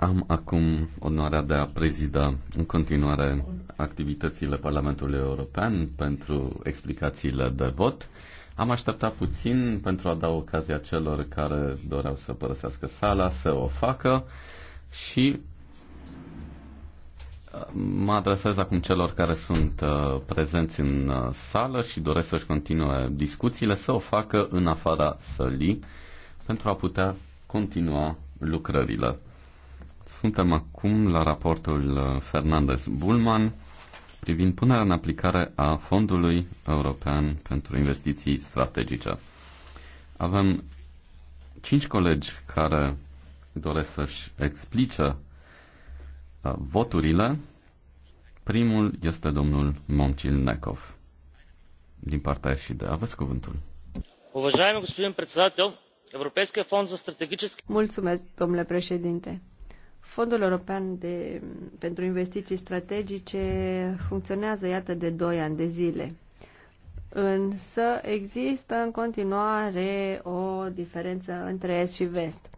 Am acum onoarea de a prezida în continuare activitățile Parlamentului European pentru explicațiile de vot. Am așteptat puțin pentru a da ocazia celor care doreau să părăsească sala să o facă și uh, mă adresez acum celor care sunt uh, prezenți în uh, sală și doresc să-și continue discuțiile să o facă în afara sălii pentru a putea continua lucrările. Suntem acum la raportul uh, Fernandez-Bulman privind punerea în aplicare a Fondului European pentru Investiții Strategice. Avem cinci colegi care doresc să-și explice uh, voturile. Primul este domnul Momcil Nekov. Din partea și de aveți cuvântul. Уважаеми господин председател, Европейския фонд за стратегически... Mulțumesc, domnule președinte. Fondul European de, pentru Investiții Strategice funcționează, iată, de 2 ani de zile. Însă există în continuare o diferență între Est și Vest.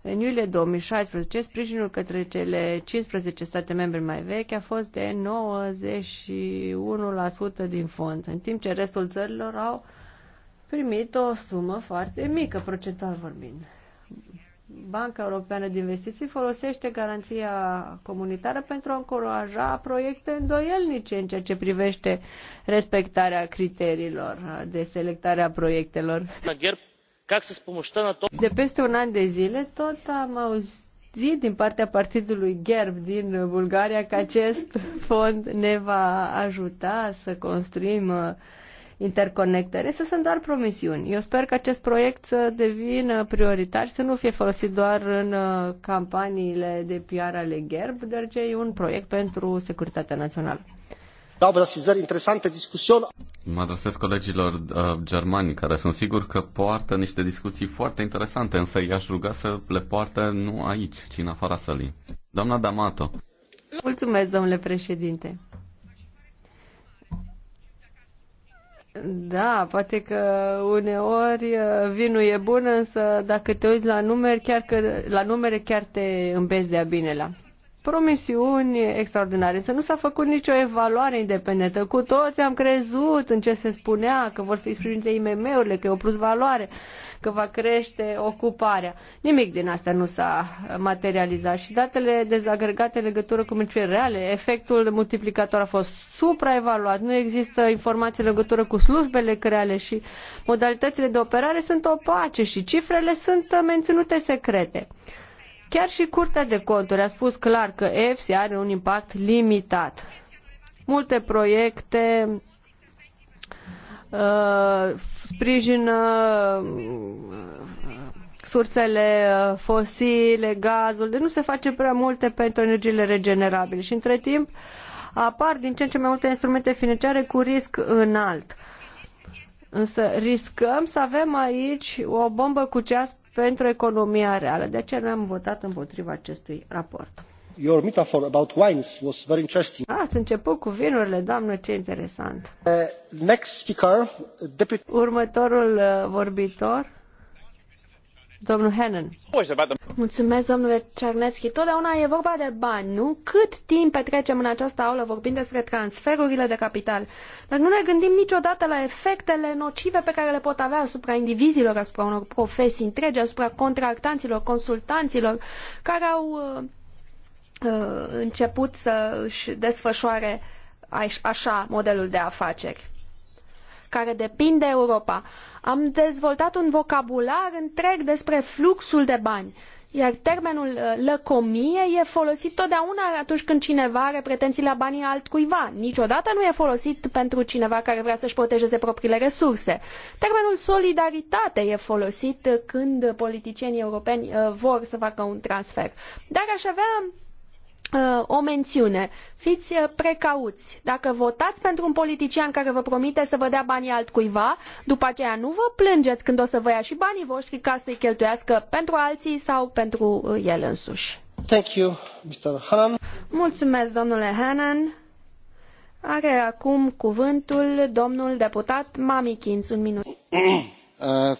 În iulie 2016, sprijinul către cele 15 state membre mai vechi a fost de 91% din fond, în timp ce restul țărilor au primit o sumă foarte mică, procentual vorbind. Banca Europeană de Investiții folosește garanția comunitară pentru a încuraja proiecte îndoielnice în ceea ce privește respectarea criteriilor de selectare a proiectelor. De peste un an de zile tot am auzit din partea partidului GERB din Bulgaria că acest fond ne va ajuta să construim interconectări, însă sunt doar promisiuni. Eu sper că acest proiect să devină prioritar și să nu fie folosit doar în uh, campaniile de PR ale GERB, ce e un proiect pentru securitatea națională. Da, vă dați interesantă discuțiune. Mă adresez colegilor uh, germani, care sunt sigur că poartă niște discuții foarte interesante, însă i-aș ruga să le poartă nu aici, ci în afara sălii. Doamna D'Amato. Mulțumesc, domnule președinte. Da, poate că uneori uh, vinul e bun, însă dacă te uiți la numere, chiar, că, la numere, chiar te îmbezi de-a binelea promisiuni extraordinare, să nu s-a făcut nicio evaluare independentă. Cu toți am crezut în ce se spunea, că vor fi sprijinite IMM-urile, că e o plus valoare, că va crește ocuparea. Nimic din asta nu s-a materializat și datele dezagregate în legătură cu mâncile reale, efectul multiplicator a fost supraevaluat, nu există informații în legătură cu slujbele creale și modalitățile de operare sunt opace și cifrele sunt menținute secrete. Chiar și Curtea de Conturi a spus clar că EFSI are un impact limitat. Multe proiecte uh, sprijină uh, sursele uh, fosile, gazul, De nu se face prea multe pentru energiile regenerabile și între timp apar din ce în ce mai multe instrumente financiare cu risc înalt. Însă riscăm să avem aici o bombă cu ceas pentru economia reală. De aceea noi am votat împotriva acestui raport. Your metaphor about wines was very interesting. Ah, ați început cu vinurile, doamnă, ce interesant. Uh, next speaker, deputy... Următorul uh, vorbitor, domnul Hennen. Mulțumesc, domnule Cernețchi. Totdeauna e vorba de bani, nu? Cât timp petrecem în această aulă vorbind despre transferurile de capital? Dar nu ne gândim niciodată la efectele nocive pe care le pot avea asupra indivizilor, asupra unor profesii întregi, asupra contractanților, consultanților, care au uh, uh început să își desfășoare așa modelul de afaceri care depind de Europa. Am dezvoltat un vocabular întreg despre fluxul de bani. Iar termenul uh, lăcomie e folosit totdeauna atunci când cineva are pretenții la banii altcuiva. Niciodată nu e folosit pentru cineva care vrea să-și protejeze propriile resurse. Termenul solidaritate e folosit când politicienii europeni uh, vor să facă un transfer. Dar aș avea Uh, o mențiune. Fiți uh, precauți. Dacă votați pentru un politician care vă promite să vă dea banii altcuiva, după aceea nu vă plângeți când o să vă ia și banii voștri ca să-i cheltuiască pentru alții sau pentru uh, el însuși. Thank you, Mr. Hannan. Mulțumesc, domnule Hannan. Are acum cuvântul domnul deputat Mamikins, un minut. Uh,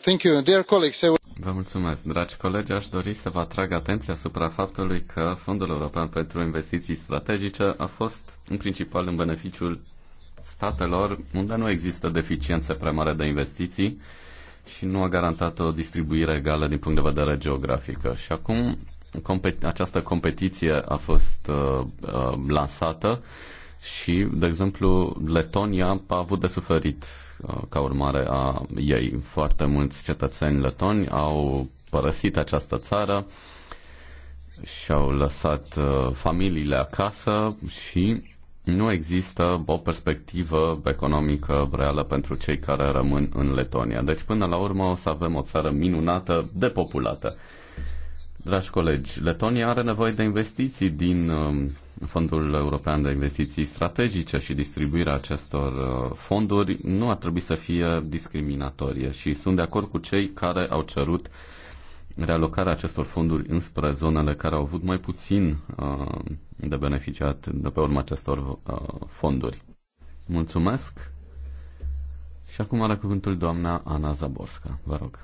vă mulțumesc, dragi colegi. Aș dori să vă atrag atenția asupra faptului că Fondul European pentru Investiții Strategice a fost în principal în beneficiul statelor unde nu există deficiențe prea mare de investiții și nu a garantat o distribuire egală din punct de vedere geografică. Și acum compet- această competiție a fost uh, uh, lansată și, de exemplu, Letonia a avut de suferit uh, ca urmare a ei. Foarte mulți cetățeni letoni au părăsit această țară și au lăsat uh, familiile acasă și nu există o perspectivă economică reală pentru cei care rămân în Letonia. Deci, până la urmă, o să avem o țară minunată, depopulată. Dragi colegi, Letonia are nevoie de investiții din um, Fondul European de Investiții Strategice și distribuirea acestor uh, fonduri nu ar trebui să fie discriminatorie și sunt de acord cu cei care au cerut realocarea acestor fonduri înspre zonele care au avut mai puțin uh, de beneficiat de pe urma acestor uh, fonduri. Mulțumesc! Și acum are cuvântul doamna Ana Zaborska. Vă rog.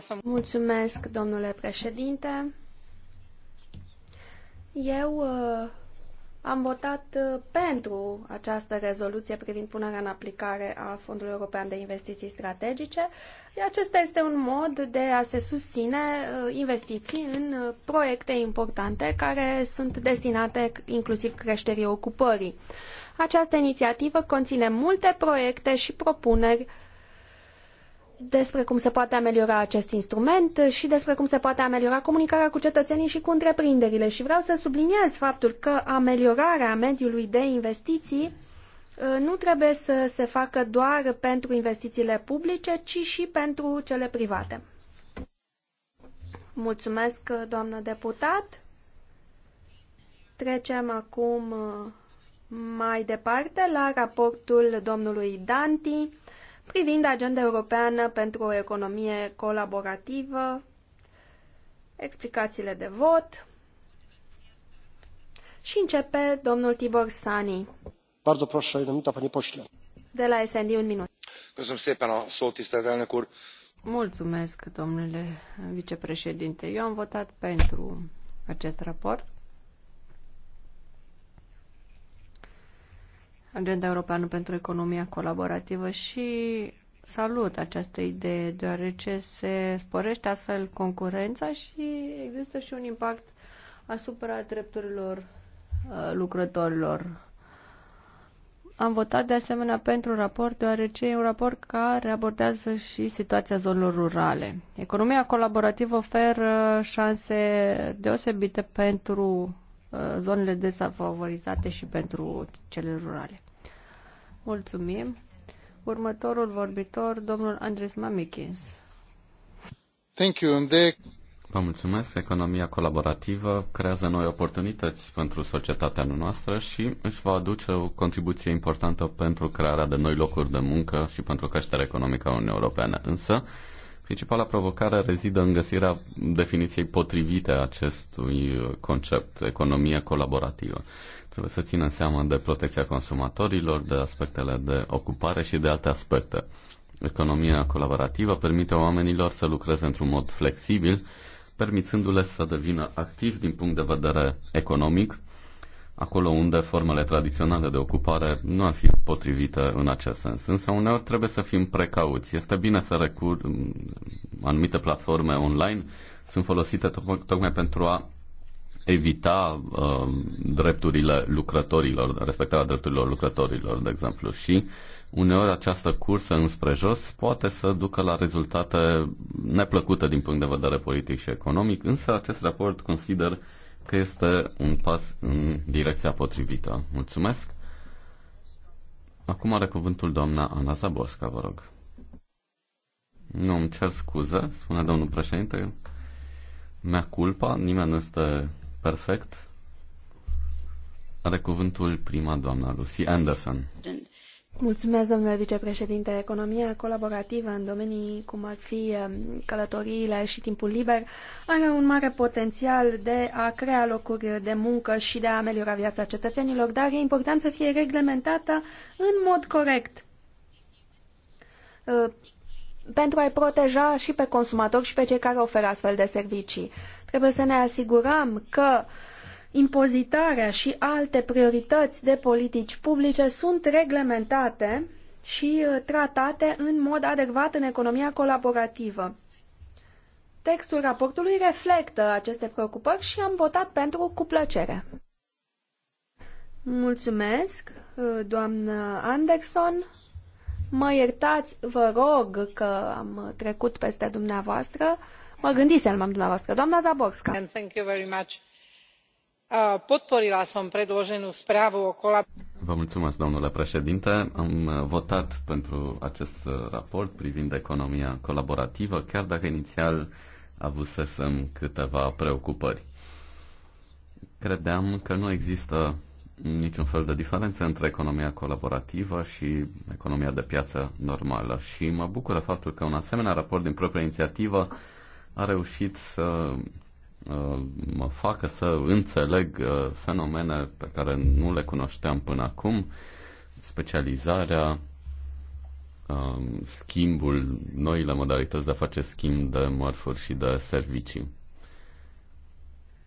som... Mulțumesc, domnule președinte. Eu uh, am votat uh, pentru această rezoluție privind punerea în aplicare a Fondului European de Investiții Strategice. Acesta este un mod de a se susține uh, investiții în proiecte importante care sunt destinate inclusiv creșterii ocupării. Această inițiativă conține multe proiecte și propuneri despre cum se poate ameliora acest instrument și despre cum se poate ameliora comunicarea cu cetățenii și cu întreprinderile. Și vreau să subliniez faptul că ameliorarea mediului de investiții uh, nu trebuie să se facă doar pentru investițiile publice, ci și pentru cele private. Mulțumesc, doamnă deputat. Trecem acum uh, mai departe la raportul domnului Danti privind agenda europeană pentru o economie colaborativă, explicațiile de vot și începe domnul Tibor Sani. Bardzo proszę, jedną minutę, panie pośle. De la SND, un minut. Mulțumesc, domnule vicepreședinte. Eu am votat pentru acest raport Agenda Europeană pentru Economia Colaborativă și salut această idee, deoarece se sporește astfel concurența și există și un impact asupra drepturilor uh, lucrătorilor. Am votat de asemenea pentru un raport, deoarece e un raport care abordează și situația zonelor rurale. Economia colaborativă oferă șanse deosebite pentru Uh, zonele desfavorizate și pentru cele rurale. Mulțumim. Următorul vorbitor, domnul Andres Mamikins. Thank you. Unde. Vă mulțumesc. Economia colaborativă creează noi oportunități pentru societatea noastră și își va aduce o contribuție importantă pentru crearea de noi locuri de muncă și pentru creșterea economică a Uniunii Europene. Însă, Principala provocare rezidă în găsirea definiției potrivite a acestui concept, economie colaborativă. Trebuie să țină seama de protecția consumatorilor, de aspectele de ocupare și de alte aspecte. Economia colaborativă permite oamenilor să lucreze într-un mod flexibil, permițându-le să devină activ din punct de vedere economic, acolo unde formele tradiționale de ocupare nu ar fi potrivite în acest sens. Însă uneori trebuie să fim precauți. Este bine să recur anumite platforme online sunt folosite tocmai pentru a evita uh, drepturile lucrătorilor, respectarea drepturilor lucrătorilor, de exemplu. Și uneori această cursă înspre jos poate să ducă la rezultate neplăcute din punct de vedere politic și economic, însă acest raport consider că este un pas în direcția potrivită. Mulțumesc! Acum are cuvântul doamna Ana Zaborska, vă rog. Nu, îmi cer scuze, spune domnul președinte. Mea culpa, nimeni nu este perfect. Are cuvântul prima doamna Lucy Anderson. Mulțumesc, domnule vicepreședinte. Economia colaborativă în domenii cum ar fi um, călătoriile și timpul liber are un mare potențial de a crea locuri de muncă și de a ameliora viața cetățenilor, dar e important să fie reglementată în mod corect uh, pentru a-i proteja și pe consumatori și pe cei care oferă astfel de servicii. Trebuie să ne asigurăm că uh, impozitarea și alte priorități de politici publice sunt reglementate și uh, tratate în mod adecvat în economia colaborativă. Textul raportului reflectă aceste preocupări și am votat pentru cu plăcere. Mulțumesc, uh, doamnă Anderson. Mă iertați, vă rog, că am trecut peste dumneavoastră. Mă gândisem la dumneavoastră. Doamna Zaborska. Thank you very much podporila som predloženú správu o Vă mulțumesc, domnule președinte. Am uh, votat pentru acest uh, raport privind economia colaborativă, chiar dacă inițial avusesem câteva preocupări. Credeam că nu există niciun fel de diferență între economia colaborativă și economia de piață normală și mă bucură faptul că un asemenea raport din propria inițiativă a reușit să Uh, mă facă să înțeleg uh, fenomene pe care nu le cunoșteam până acum, specializarea, uh, schimbul, noile modalități de a face schimb de mărfuri și de servicii.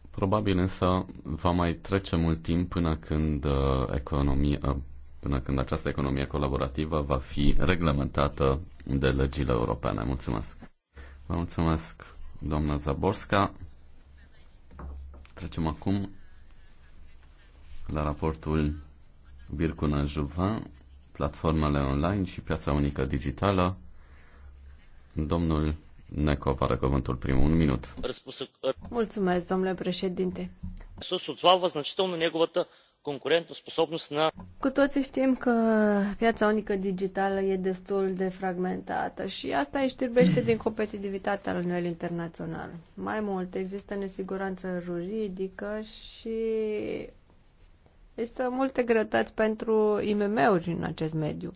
Probabil însă va mai trece mult timp până când economia, până când această economie colaborativă va fi reglementată de legile europene. Mulțumesc! Vă mulțumesc, doamna Zaborska. Trecem acum la raportul Bircuna Juva, platformele online și piața unică digitală. Domnul Neco are cuvântul primul. Un minut. Mulțumesc, domnule președinte. Cu toții știm că piața unică digitală e destul de fragmentată și asta îi știrbește din competitivitatea la nivel internațional. Mai mult, există nesiguranță juridică și există multe greutăți pentru IMM-uri în acest mediu.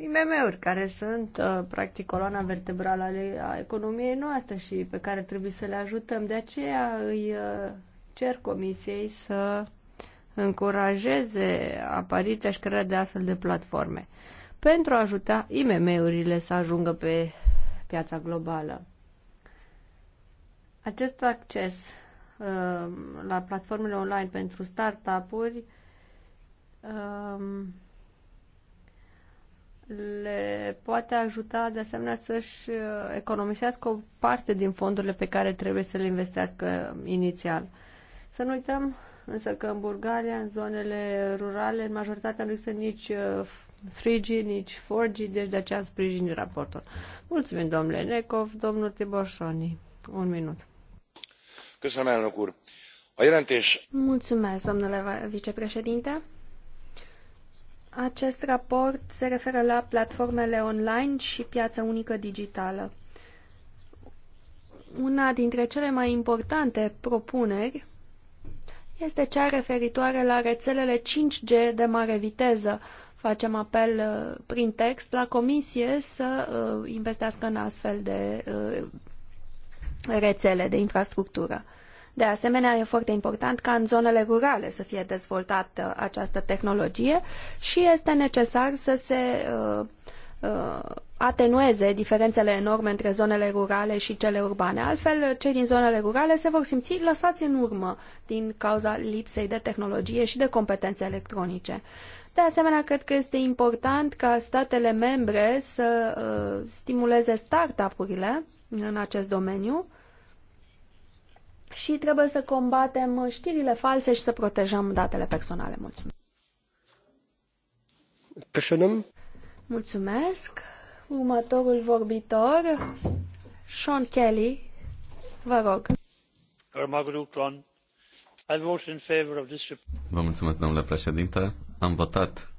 IMM-uri care sunt uh, practic coloana vertebrală a economiei noastre și pe care trebuie să le ajutăm. De aceea îi uh, cer comisiei să încurajeze apariția și crearea de astfel de platforme pentru a ajuta IMM-urile să ajungă pe piața globală. Acest acces uh, la platformele online pentru startup-uri um, le poate ajuta de asemenea să-și uh, economisească o parte din fondurile pe care trebuie să le investească inițial. Să nu uităm însă că în Bulgaria, în zonele rurale, în majoritatea nu există nici 3G, uh, nici 4G, deci de aceea sprijin raportul. Mulțumim, domnule Necov, domnul Tiborșoni. Un minut. A jelentés... Mulțumesc, domnule vicepreședinte. Acest raport se referă la platformele online și piața unică digitală. Una dintre cele mai importante propuneri este cea referitoare la rețelele 5G de mare viteză. Facem apel uh, prin text la comisie să uh, investească în astfel de uh, rețele de infrastructură. De asemenea, e foarte important ca în zonele rurale să fie dezvoltată această tehnologie și este necesar să se uh, uh, atenueze diferențele enorme între zonele rurale și cele urbane. Altfel, cei din zonele rurale se vor simți lăsați în urmă din cauza lipsei de tehnologie și de competențe electronice. De asemenea, cred că este important ca statele membre să uh, stimuleze startup-urile în acest domeniu și trebuie să combatem știrile false și să protejăm datele personale. Mulțumesc! Mulțumesc! Următorul vorbitor, Sean Kelly, vă rog. Vă mulțumesc, domnule președinte. Am votat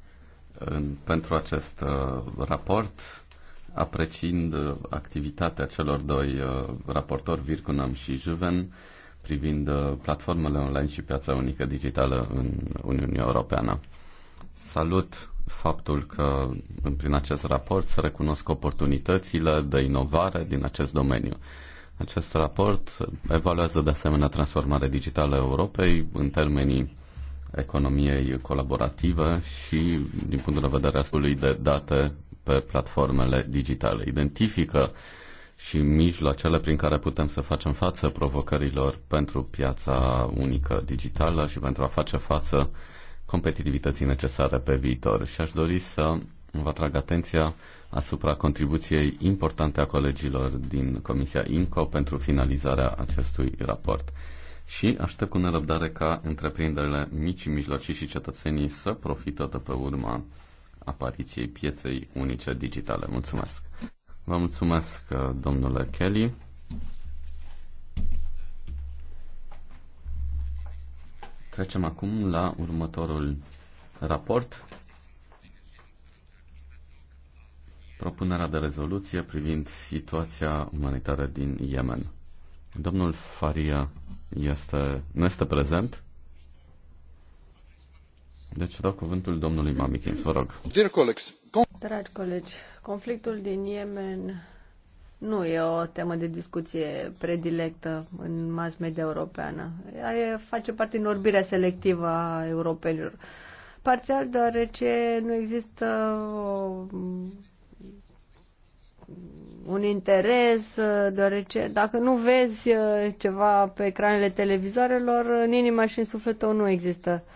în, pentru acest uh, raport, apreciind uh, activitatea celor doi uh, raportori, Virkunam și Juven, privind uh, platformele online și piața unică digitală în Uniunea Europeană. Salut faptul că prin acest raport se recunosc oportunitățile de inovare din acest domeniu. Acest raport evaluează de asemenea transformarea digitală a Europei în termenii economiei colaborative și din punctul de vedere al de date pe platformele digitale. Identifică și mijloacele prin care putem să facem față provocărilor pentru piața unică digitală și pentru a face față competitivității necesare pe viitor. Și aș dori să vă atrag atenția asupra contribuției importante a colegilor din Comisia INCO pentru finalizarea acestui raport. Și aștept cu nerăbdare ca întreprinderile mici, mijlocii și cetățenii să profită de pe urma apariției pieței unice digitale. Mulțumesc! Vă mulțumesc, domnule Kelly. Trecem acum la următorul raport. Propunerea de rezoluție privind situația umanitară din Yemen. Domnul Faria este, nu este prezent. Deci dau cuvântul domnului Mamikins, vă rog. Dragi colegi, conflictul din Yemen nu e o temă de discuție predilectă în mass media europeană. Ea e, face parte din orbirea selectivă a europenilor. Parțial deoarece nu există o, un interes, deoarece dacă nu vezi ceva pe ecranele televizoarelor, în inima și în sufletul nu există uh,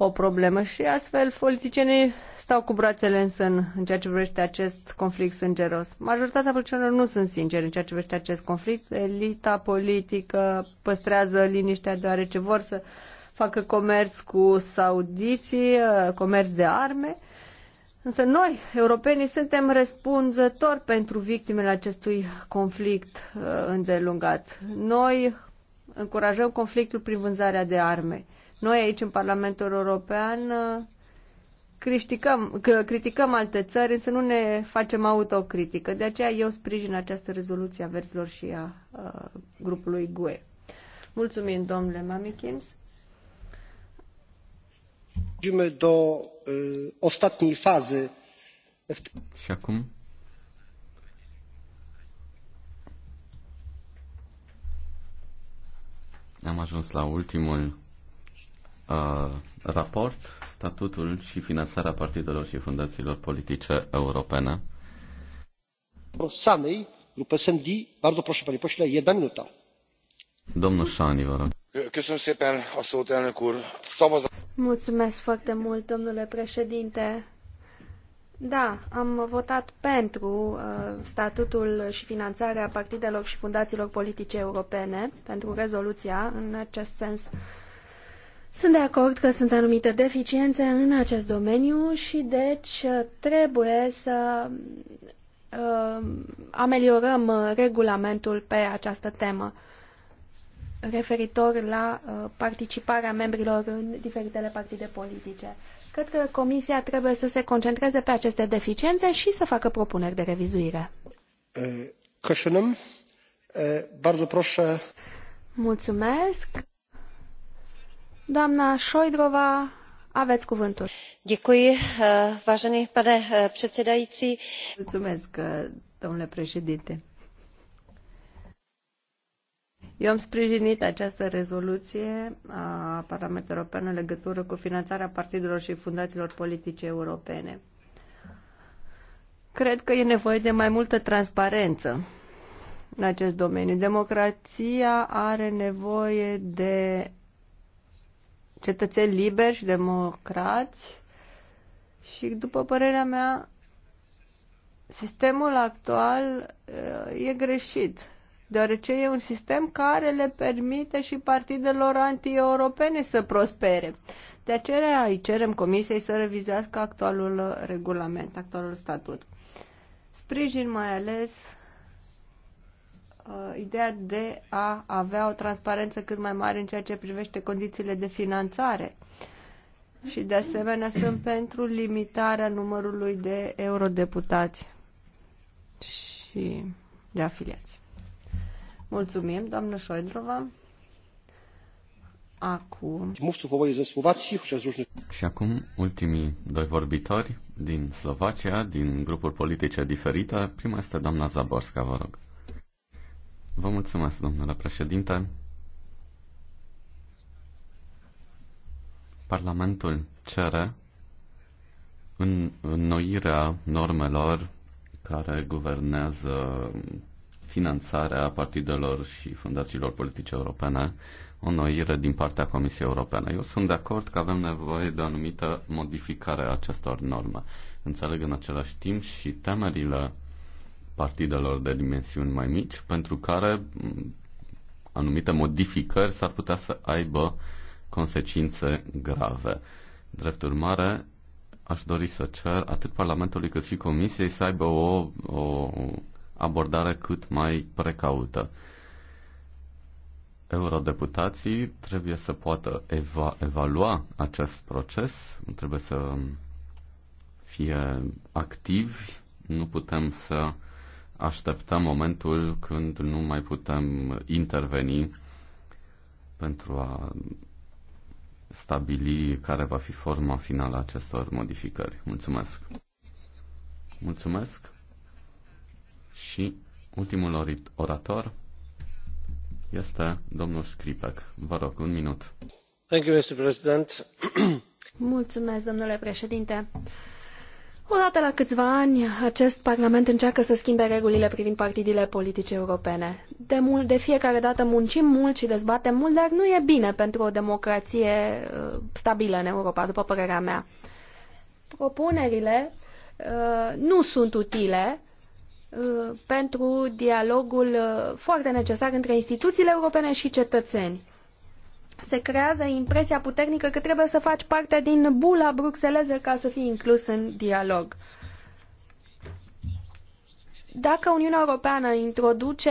o problemă și astfel politicienii stau cu brațele în sân în ceea ce privește acest conflict sângeros. Majoritatea politicienilor nu sunt sinceri în ceea ce privește acest conflict. Elita politică păstrează liniștea deoarece vor să facă comerț cu saudiții, uh, comerț de arme. Însă noi, europenii, suntem răspunzători pentru victimele acestui conflict uh, îndelungat. Noi încurajăm conflictul prin vânzarea de arme. Noi aici în Parlamentul European criticăm, criticăm alte țări, însă nu ne facem autocritică. De aceea eu sprijin această rezoluție a verzilor și a, a grupului GUE. Mulțumim, domnule Mamikins. Przechodzimy do y, ostatniej fazy. Și acum am ajuns la ultimul Uh, raport statutul și finanțarea partidelor și fundațiilor politice europene. Sanej, grupă SND, bardzo proszę, panie pośle, jedna minuta. Domnul Sani, vă rog. Mulțumesc foarte mult, domnule președinte. Da, am votat pentru uh, statutul și finanțarea partidelor și fundațiilor politice europene, pentru rezoluția în acest sens. Uh, sunt de acord că sunt anumite deficiențe în acest domeniu și deci trebuie să uh, ameliorăm regulamentul pe această temă referitor la uh, participarea membrilor în diferitele partide politice. Cred că Comisia trebuie să se concentreze pe aceste deficiențe și să facă propuneri de revizuire. Mulțumesc. Doamna Șoidrova, aveți cuvântul. Děkuji, eh, vážený pane eh, předsedající. Mulțumesc, eh, domnule președinte. Eu am sprijinit această rezoluție a Parlamentului European în legătură cu finanțarea partidelor și fundațiilor politice europene. Cred că e nevoie de mai multă transparență în acest domeniu. Democrația are nevoie de cetățeni liberi și democrați și, după părerea mea, sistemul actual uh, e greșit, deoarece e un sistem care le permite și partidelor anti-europene să prospere. De aceea îi cerem Comisiei să revizească actualul regulament, actualul statut. Sprijin mai ales uh, ideea de a avea o transparență cât mai mare în ceea ce privește condițiile de finanțare. Și de asemenea sunt pentru limitarea numărului de eurodeputați și de afiliați. Mulțumim, doamnă Șoidrova. Acum. Și acum ultimii doi vorbitori din Slovacia, din grupuri politice diferite. Prima este doamna Zaborska, vă rog. Vă mulțumesc, domnule președinte. Parlamentul cere în înnoirea normelor care guvernează finanțarea partidelor și fundațiilor politice europene, o noire din partea Comisiei Europene. Eu sunt de acord că avem nevoie de o anumită modificare a acestor norme. Înțeleg în același timp și temerile partidelor de dimensiuni mai mici, pentru care anumite modificări s-ar putea să aibă consecințe grave. Drept urmare, aș dori să cer atât Parlamentului cât și Comisiei să aibă o, o abordare cât mai precaută. Eurodeputații trebuie să poată eva- evalua acest proces, trebuie să fie activi, nu putem să așteptăm momentul când nu mai putem interveni pentru a stabili care va fi forma finală a acestor modificări. Mulțumesc! Mulțumesc! Și ultimul orator este domnul Scripec. Vă rog, un minut. Thank you, Mr. President. Mulțumesc, domnule președinte. Odată la câțiva ani, acest Parlament încearcă să schimbe regulile privind partidele politice europene. De, mult, de fiecare dată muncim mult și dezbatem mult, dar nu e bine pentru o democrație uh, stabilă în Europa, după părerea mea. Propunerile uh, nu sunt utile uh, pentru dialogul uh, foarte necesar între instituțiile europene și cetățeni se creează impresia puternică că trebuie să faci parte din bula bruxeleză ca să fii inclus în dialog. Dacă Uniunea Europeană introduce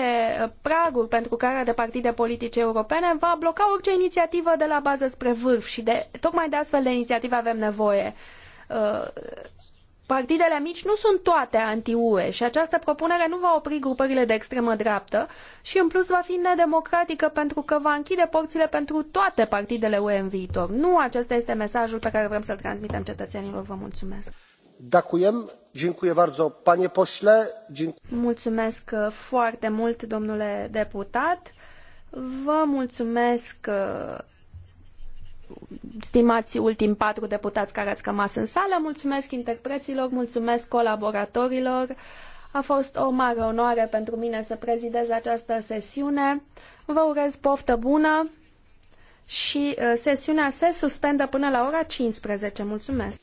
praguri pentru care de partide politice europene, va bloca orice inițiativă de la bază spre vârf și de, tocmai de astfel de inițiative avem nevoie uh, Partidele mici nu sunt toate anti-UE și această propunere nu va opri grupările de extremă dreaptă și în plus va fi nedemocratică pentru că va închide porțile pentru toate partidele UE în viitor. Nu acesta este mesajul pe care vrem să-l transmitem cetățenilor. Vă mulțumesc. Mulțumesc uh, foarte mult, domnule deputat. Vă mulțumesc uh, stimați ultim patru deputați care ați rămas în sală, mulțumesc interpreților, mulțumesc colaboratorilor. A fost o mare onoare pentru mine să prezidez această sesiune. Vă urez poftă bună și uh, sesiunea se suspendă până la ora 15. Mulțumesc!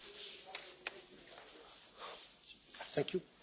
Thank you.